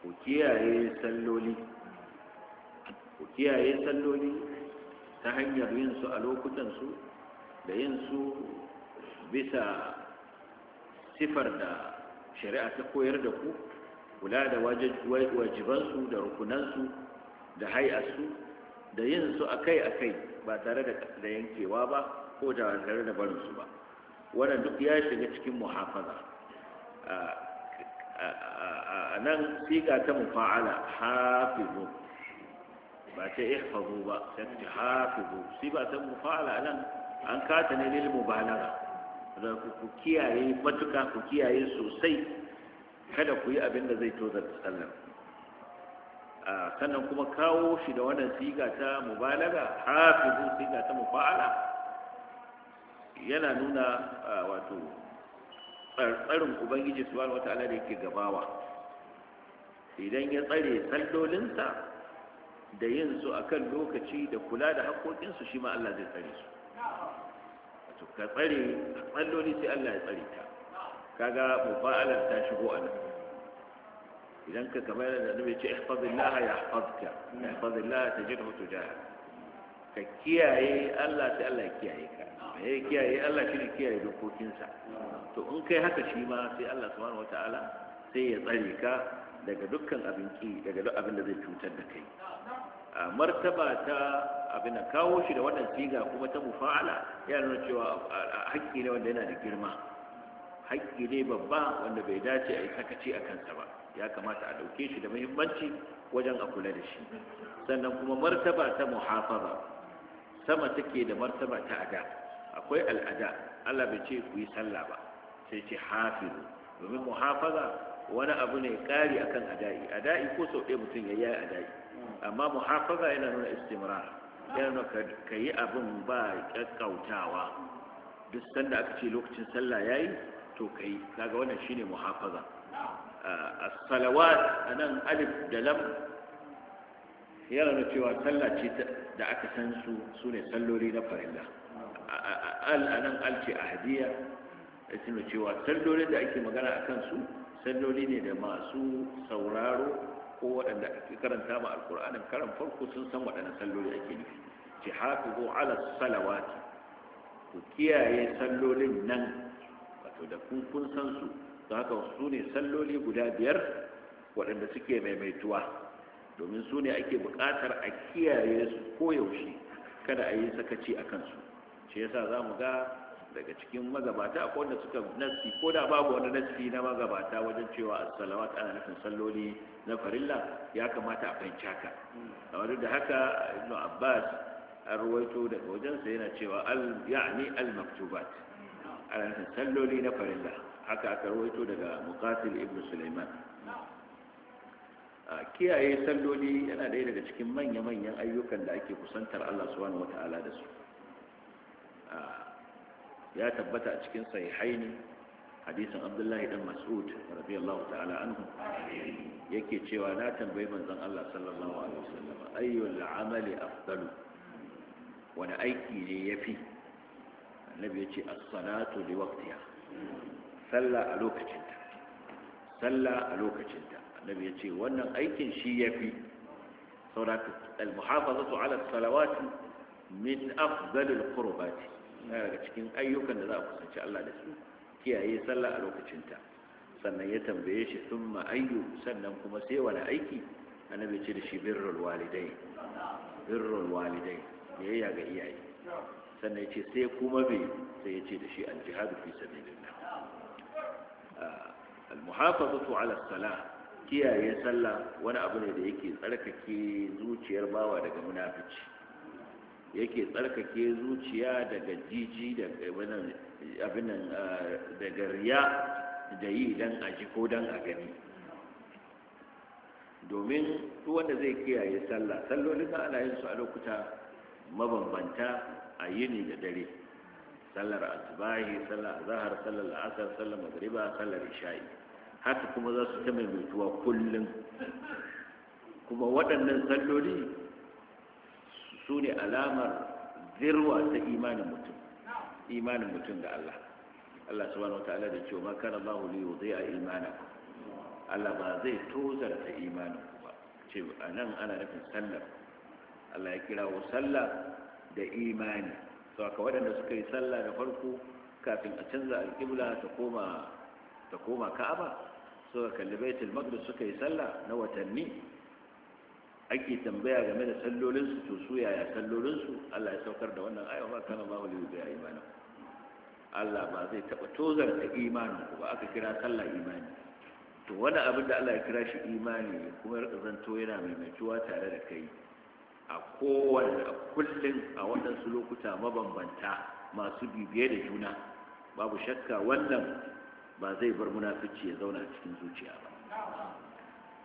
ku kiyaye salloli ku kiyaye salloli ta hanyar yin su a lokutan su da yin su bisa sifar da shari'a ta koyar da ku kula da wajibansu da rukunansu da hai'arsu da yin su akai-akai ba tare da yankewa ba ko da tare da barinsu ba wannan duk ya shiga cikin muhafaza a nan siga ta mufa'ala hafizu ba ce ihfazu ba sai ta hafizu Si ba san mufa'ala nan an kata ne lil mubalagha da ku kiyaye matuka ku kiyaye sosai kada ku yi abin da zai tozar da sallar sannan kuma kawo shi da wannan siga ta mubalaga hafizu siga ta mufa'ala yana nuna wato tsarin ubangiji subhanahu wataala da yake gabawa idan ya tsare sallolinsa da yin su akan lokaci da kula da haƙoƙinsu shi ma Allah zai tsare su wato ka tsare tsalloli sai Allah ya tsare ka kaga mufa'alar ta shigo a nan idan ka kamar da annabi ya ce ihfazillah yahfazka ihfazillah mutu tujahak ka kiyaye Allah sai Allah ya kiyaye ka me ya kiyaye Allah shi ne kiyaye dokokinsa to in kai haka shi ma sai Allah subhanahu wataala sai ya tsare ka daga dukkan abin daga duk abin da zai cutar da kai a martaba ta abin da kawo shi da wannan siga kuma ta mufa'ala yana nuna cewa haƙƙi ne wanda yana da girma haƙƙi ne babba wanda bai dace a yi sakaci a kansa ba ya kamata a ɗauke shi da muhimmanci wajen a kula da shi sannan kuma martaba ta muhafaza sama take da martaba ta ada akwai al'ada Allah bai ce ku yi sallah ba sai ce hafizu domin muhafaza wani abu ne kari akan adai adai ko sau ɗaya mutum ya yi adai amma muhafaza yana nuna istimara yana nuna ka yi abin ba kakkautawa duk sanda aka ce lokacin sallah yayi to yi. kaga wannan shine muhafaza salawa salawat nan alif da lam yana nuna cewa sallah ce da aka san su ne salloli na farilla al nan al ce ya yana cewa sallolin da ake magana akan su salloli ne da masu sauraro ko waɗanda ake karanta ma alƙur'anin karan farko sun san waɗannan salloli ake nufi ci hafizu ala salawati ku kiyaye sallolin nan wato da kun kun san su don haka su ne salloli guda biyar waɗanda suke maimaituwa domin su ne ake buƙatar a kiyaye su koyaushe kada a yi sakaci a kansu shi yasa za mu ga daga cikin magabata akwai wanda suka nasi ko da babu wani nasi na magabata wajen cewa as-salawat ana nufin salloli na farilla ya kamata a fahimci haka wani da haka ibnu abbas an ruwaito daga wajensa yana cewa al ya'ani al maktubat ana nufin salloli na farilla haka aka ruwaito daga muqatil ibnu sulaiman kiyaye salloli yana ɗaya daga cikin manya-manyan ayyukan da ake kusantar Allah subhanahu wata'ala da su ya tabbata a cikin sahihaini hadisin abdullahi dan mas'ud radiyallahu ta'ala anhu yake cewa na tambayi manzon Allah sallallahu alaihi wasallam ayyul amali afdalu wani aiki ne yafi annabi yace as-salatu li waqtiha sallah a lokacinta sallah a lokacinta annabi yace wannan aikin shi yafi saboda al-muhafazatu ala as-salawati min afdalil qurbati na daga cikin ayyukan da za a kusanci Allah da su kiyaye sallah a lokacinta sannan ya tambaye shi sun ma'ayyu sannan kuma sai wani aiki annabi ce da shi birrul walidai birrul walidai biyayya ga iyaye sannan ya ce sai kuma bai sai ya ce da shi al-jihadu fi sabilillah ah, al-muhafazatu ala salah kiyaye sallah wani abu ne da yake tsarkake zuciyar bawa daga munafici yake tsarkake zuciya daga jiji daga wannan ah, riya da yi dan a ji ko dan a gani domin duk wanda zai kiyaye sallah sallolin da ana yin su a lokuta mabambanta a yini da dare sallar asbahi sallar zahar sallar asar sallar magriba sallar isha'i haka kuma za su ta maimaituwa kullum kuma waɗannan salloli su ne alamar zirwa ta imanin mutum imanin mutum da Allah Allah subhanahu wataala da cewa kana Allahu li yudhi'a imanakum Allah ba zai tozarta imanin ku ba ce anan ana nufin sallar Allah ya kira wa sallah da imani to aka waɗanda suka yi sallah da farko kafin a canza alƙibla ta koma ta koma Ka'aba suka kalli Baitul Maqdis suka yi sallah na watanni ake tambaya game da sallolinsu to su yaya sallolinsu Allah ya saukar da wannan aya ba kana Allahu li yubiya Allah ba zai taba tozar da imanin ku ba aka kira sallah imani to wani abin da Allah ya kira shi imani kuma ya zanto yana maimaituwa tare da kai a kowane a kullum a waɗansu lokuta mabambanta masu bibiye da juna babu shakka wannan ba zai bar munafici ya zauna cikin zuciya ba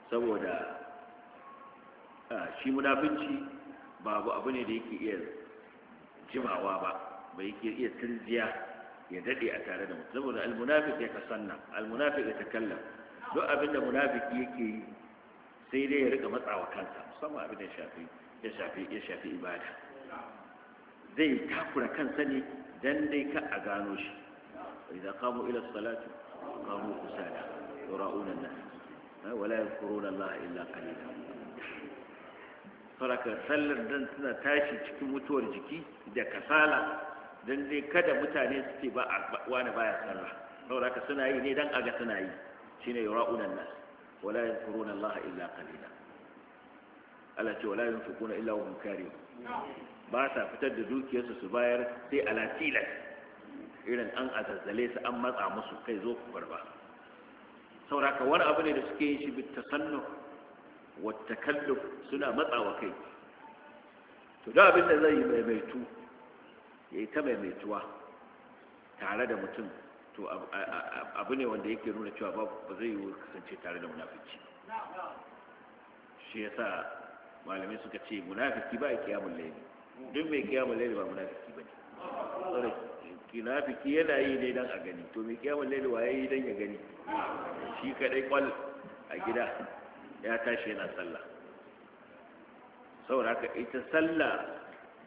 saboda shi munafinci babu abu ne da yake iya jimawa ba bai yake iya tirjiya ya daɗe a tare da mutum saboda almunafiq ya tasanna almunafiq ya takallam duk abin da munafiki yake yi sai dai ya rika matsawa kansa musamman abin da ya shafi ya shafi ibada zai takura kansa ne dan dai ka a gano shi idza qamu ila salati qamu kusala yura'una an-nas wala yadhkuruna Allah illa qalilan saboda sallar dan suna tashi cikin mutuwar jiki da kasala don dai kada mutane su ce ba wani baya sallah saboda haka suna yi ne don aga suna yi shine ra'unan nas wala yadhkuruna Allah illa qalila Allah ce wala yunfiquna illa hum karihun ba sa fitar da dukiyarsu su bayar sai ala tilas irin an azazzale su an matsa musu kai zo ku karba saboda haka wani abu ne da suke yin shi bi sannu. wata kallon suna matsawa kai to da abin da zai yi maimaitu ya yi ta maimaituwa tare da mutum to abu ne wanda yake nuna cewa ba zai yi kasance tare da munafici shi yasa malamai suka ce munafiki ba ya kiyamun laili duk mai kiyamun laili ba munafiki ba ne munafiki yana yi ne don a gani to mai kiyamun laili wa ya yi don ya gani shi kadai kwal a gida ya tashi yana sallah saboda haka ita sallah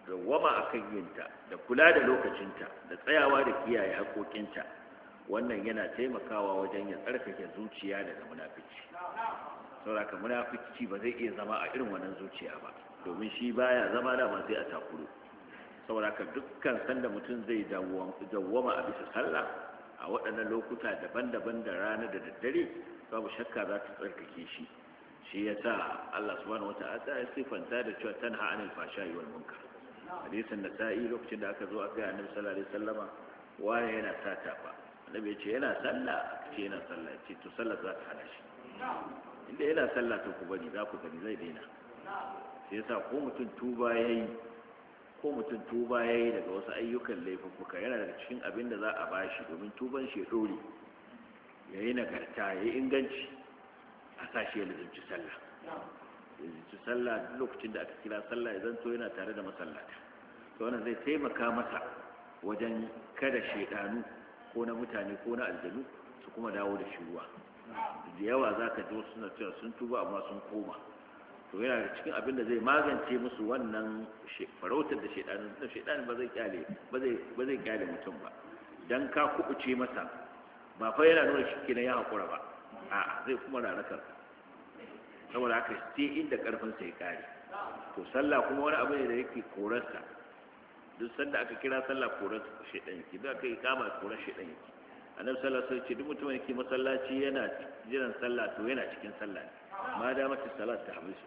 da wama akan yinta da kula da lokacinta da tsayawa da kiyaye hakokinta wannan yana taimakawa wajen ya tsarkake zuciya daga munafici saboda haka munafici ba zai iya zama a irin wannan zuciya ba domin shi baya zama da ma sai a takuru saboda haka dukkan sanda mutum zai dawwama a bisa sallah a waɗannan lokuta daban-daban da rana da daddare babu shakka za ta tsarkake shi shi ya sa Allah subhanahu wata'ala ya sifanta da cewa tanha anil fashai wal munkar hadisin da sa'i lokacin da aka zo aka yi annabi sallallahu alaihi wasallama wani yana sata ba annabi ya ce yana sallah Aka ce yana sallah ce to sallah za ta hana shi inda yana sallah to ku bari za ku gani zai daina sai yasa ko mutum tuba yayi ko mutum tuba yayi daga wasu ayyukan laifuka yana daga cikin abin da za a bashi domin tuban shi ya ya yi nagarta ya yi inganci a sa shi ya sallah lizinci sallah lokacin da aka kira sallah ya zanto yana tare da masallata to wannan zai taimaka masa wajen kada shaidanu ko na mutane ko na aljanu su kuma dawo da shi ruwa da yawa za ka ji suna cewa sun tuba amma sun koma to yana da cikin abin da zai magance musu wannan farautar da shaidanin da shaidanin ba zai kyale ba zai kyale mutum ba dan ka kubuce masa ba fa yana nuna shi kenan ya hakura ba a zai kuma rarakar saboda haka sai inda karfin sai kare to sallah kuma wani abu ne da yake korarsa duk sanda aka kira sallah korar shedan yake duk aka yi kama korar shedan yake annabi sallallahu alaihi wasallam ce duk mutumin yake masallaci yana jiran sallah to yana cikin sallah ne ma da mace salat ta habisu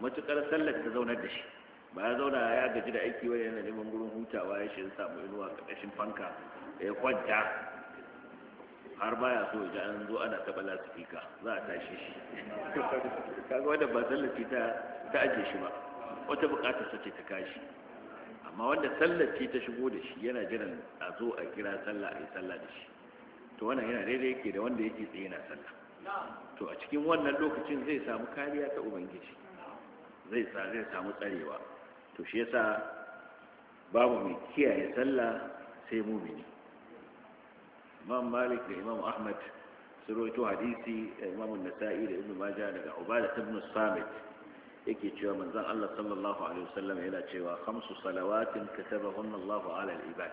matukar sallar ta zaunar da shi ba ya zauna ya gaji da aiki wani yana neman gurin hutawa ya shi samu inuwa ƙarƙashin fanka ya kwanta har baya so ya an zo ana taɓa lasifika za a tashi shi (laughs) kaga wanda ba sallaci ta ta aje shi ba wata buƙatar ce ta kashi amma wanda sallaci ta shigo da shi yana jiran a zo a kira sallah a sallah da shi to wannan yana daidai yake da wanda yake tsaye na sallah to a cikin wannan lokacin zai samu kariya ta ubangiji zai sa zai samu tsarewa to shi yasa babu mai kiyaye sallah sai mumini الإمام مالك لامام احمد سرويتو حديثي امام النسائي لابن ماجه لابن عباده بن الصامت يكي تشوى من ذا الله صلى الله عليه وسلم الى تشوى خمس صلوات كتبهن الله على العباد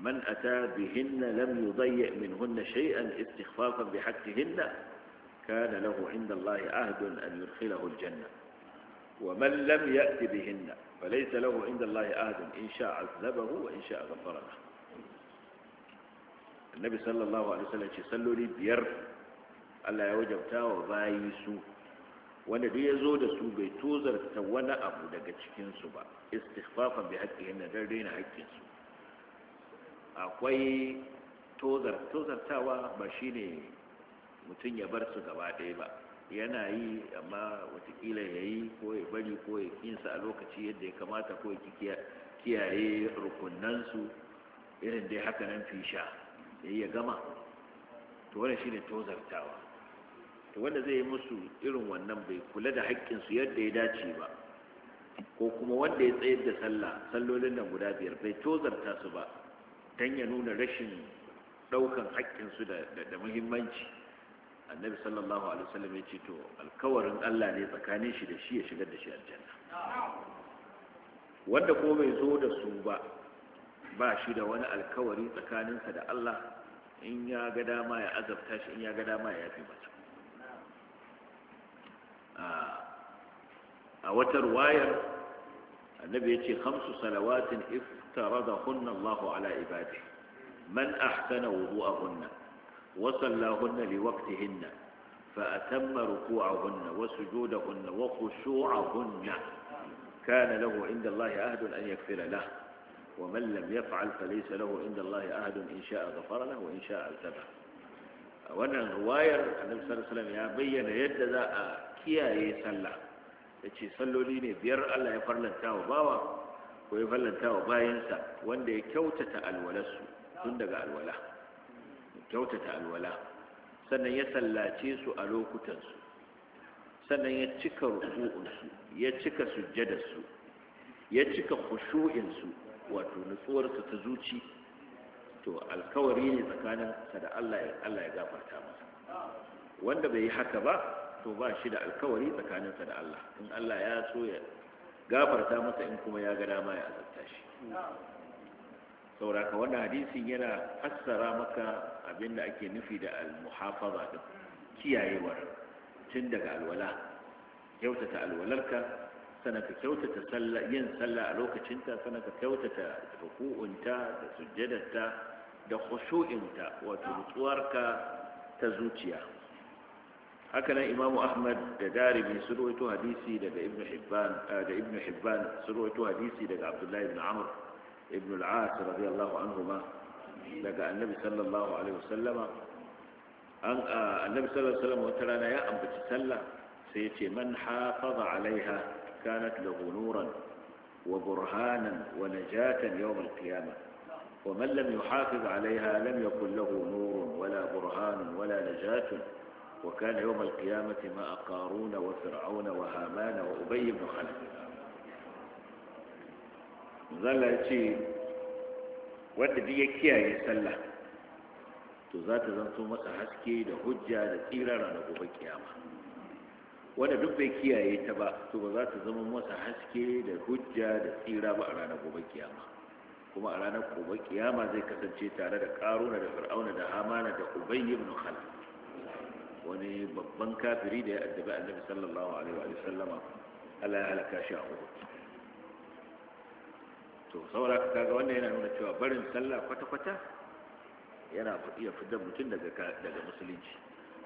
من اتى بهن لم يضيع منهن شيئا استخفافا بحقهن كان له عند الله عهد ان يدخله الجنه ومن لم يات بهن فليس له عند الله عهد ان شاء عذبه وان شاء غفر له annabi sallallahu alaihi wasallam ce salloli biyar Allah ya wajabta wa bayi su wanda duk ya zo da su bai tozarta wani abu daga cikin su ba istighfafan bi haqqi na dan daina haƙƙin akwai tozar tozartawa ba shine mutum ya bar su gaba ɗaya ba yana yi amma watakila ya yi ko ya bari ko ya kinsa a lokaci yadda ya kamata ko ya kiyaye rukunansu irin dai haka nan sha. yayi ya gama to wannan shine tozartawa to wanda zai yi musu irin wannan bai kula da haƙƙin su yadda ya dace ba ko kuma wanda ya tsayar da sallah sallolin da guda biyar bai tozarta su ba dan ya nuna rashin daukan haƙƙin su da da muhimmanci annabi sallallahu alaihi wasallam ya ce to alkawarin Allah ne tsakanin shi da shi ya shigar da shi aljanna wanda ko bai zo da su ba ba shi da wani alkawari tsakaninsa da Allah in ya ga dama ya azabta shi in ya ga dama ya yafi masa a wata ruwayar annabi ya ce hamsu salawatin iftaradahunna Allahu ala ibadi man ahsana wudu'ahunna wa sallahunna li hinna? fa atamma ruku'ahunna wa sujudahunna wa khushu'ahunna kana lahu inda Allah ahdun an yaghfira lahu ومن لم يفعل فليس له عند الله أحد إن شاء غفر له وإن شاء عذبه wannan ruwayar annabi sallallahu alaihi ya bayyana yadda za a kiyaye sallah Ya ce, salloli ne biyar Allah ya farlanta wa bawa ko ya farlanta wa bayinsa wanda ya kyautata alwalarsu tun daga alwala kyautata alwala sannan ya sallace su a lokutansu sannan ya cika ruku'unsu ya cika sujjadarsu ya cika khushu'insu wato nutsuwarsa ta zuci to alkawari ne tsakanin sa da Allah ya gafarta masa wanda bai yi haka ba to ba shi da alkawari tsakanin da Allah in Allah ya so ya gafarta masa in kuma ya ga dama ya azabta shi sauraka wannan hadisin yana fassara maka abinda ake nufi da al da kiyayewar tun daga alwala kyautata alwalarka sannan ka kyautata yin sallah a lokacinta sannan ka kyautata ruku'unta da sujjadarta da khushu'inta wato nutsuwarka ta zuciya haka nan imamu ahmad da darimi sun rawaito hadisi daga ibn hibban da ibn hibban sun rawaito hadisi daga abdullahi ibn amr ibn al-as radiyallahu anhuma daga annabi sallallahu alaihi wasallama an annabi sallallahu alaihi wasallam wata rana ya ambaci sallah sai ya ce man hafaza alaiha كانت له نورا وبرهانا ونجاة يوم القيامة ومن لم يحافظ عليها لم يكن له نور ولا برهان ولا نجاة وكان يوم القيامة ما أقارون وفرعون وهامان وأبي بن خلف zalla ya ce wadda duk ya kiyaye sallah to za ta zanto masa wanda duk bai kiyaye ta ba to ba za ta zama masa haske da hujja da tsira ba a ranar gobe kiyama kuma a ranar gobe kiyama zai kasance tare da karuna da fir'auna da hamana da ubay ibn khalaf wani babban kafiri da ya addabi annabi sallallahu alaihi wa sallama Allah ya halaka shi a to saboda kaga wannan yana nuna cewa barin sallah kwata-kwata yana iya fitar mutum daga musulunci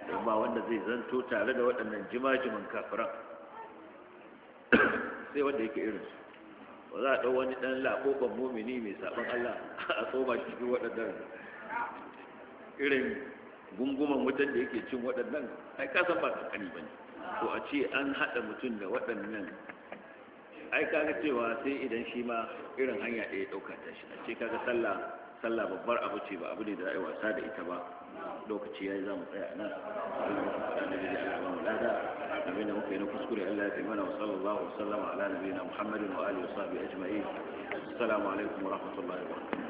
don ba wanda zai zanto tare da waɗannan jimajiman kafiran sai wanda yake su. ba za a ɗau wani ɗan laƙoƙon mumini mai saɓon Allah a tsoma shi cikin waɗannan irin gunguman wutan da yake cin waɗannan ai ka san ba kankani ba ne to a ce an haɗa mutum da waɗannan ai kaga cewa sai idan shi ma irin hanya ɗaya ɗauka ta shi a ce kaga sallah sallah babbar abu ce ba abu ne da za a yi wasa da ita ba lokaci za mu tsaya nan annabi da Allah mu lada abinda muka yi na kuskure Allah ya kai mana wa sallallahu alaihi wa sallam ala nabiyina Muhammadin wa alihi wa sahbihi assalamu alaikum wa rahmatullahi wa barakatuh